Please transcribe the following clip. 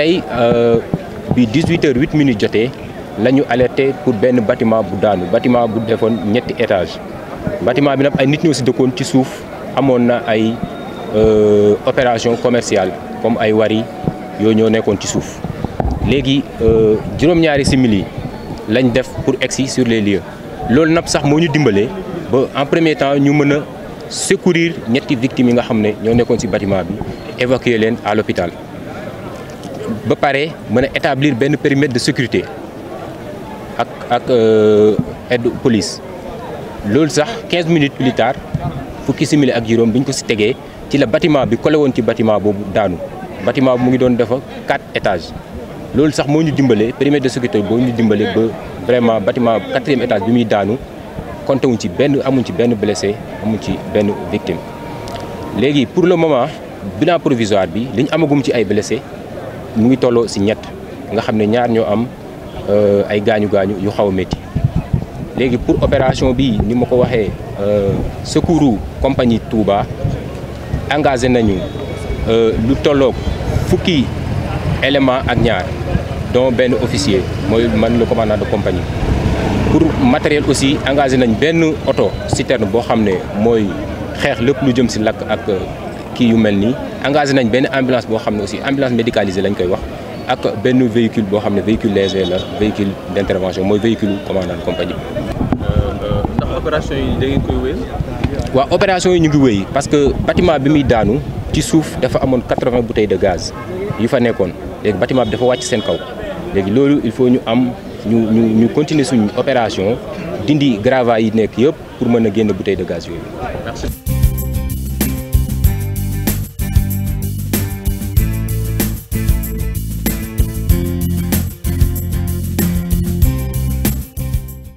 tey euh, bi 18 h 8 minutes avons alerté pour benn bâtiment bu daanu bâtiment bu defoon ñetti étage bâtiment bi été ay nit ñoo si dëkkoon ci suuf amoon na ay euh, opération commerciale comme ay wari yooyu ñoo nekkoon ci suuf euh, juróom-ñaari simili lañ def pour egsi sur les lieux loolu nag sax moo ñu ba en premier temps ñu mën secourir ñetti victimes yi nga été dans ñoo bâtiment bi évacuer leen à l'hôpital ba paré mën établir ben périmètre de sécurité ak ak euh aide police loolu sax 15 minutes plus tard fukki simili ak juróom bi ko si tegee ci le bâtiment bi collé won ci bâtiment bobu daanu bâtiment bi mu ngi doon defa 4 étages loolu sax moo ñu dimbale périmètre de sécurité boo ñu dimbale ba vraiment bâtiment 4e étage bi muy daanu compté wuñ ci ben amuñ ci ben blessé amuñ ci ben victime légui pour le moment bilan provisoire bi liñ ñu amagum ci ay blessé mu ngi tolloo si ñett nga xam ne ñaar ñoo am euh, ay gaañu gaañu yu xaw a métti léegi pour opération bi ni ma ko waxee euh, secours compagnie Touba engagé nañu euh, lu tollook fukki élément ak ñaar dont benn officier mooy man le commandant de compagnie pour matériel aussi engagé nañ benn oto citerne boo xam ne mooy xeex lépp lu jëm si lakk ak kii yu mel engagé nañ benn ambulance bo xam aussi ambulance médicalisée lañ koy wax ak ben véhicule bo xamné véhicule léger la véhicule d'intervention intervention mooy véhicule commandant compagnie ndax opération yi da ngeen koy wéy. wa opération yi ñu ngi wéy parce que bâtiment bi muy daanu ci souf dafa amone 80 bouteilles de gaz yu fa nekkoon légui bâtiment bi dafa wacc sen kaw légui lolu il faut ñu am ñu ñu ñu continuer suñu opération dindi grava yi nekk yépp pour mëna génné bouteilles de gaz yooyu.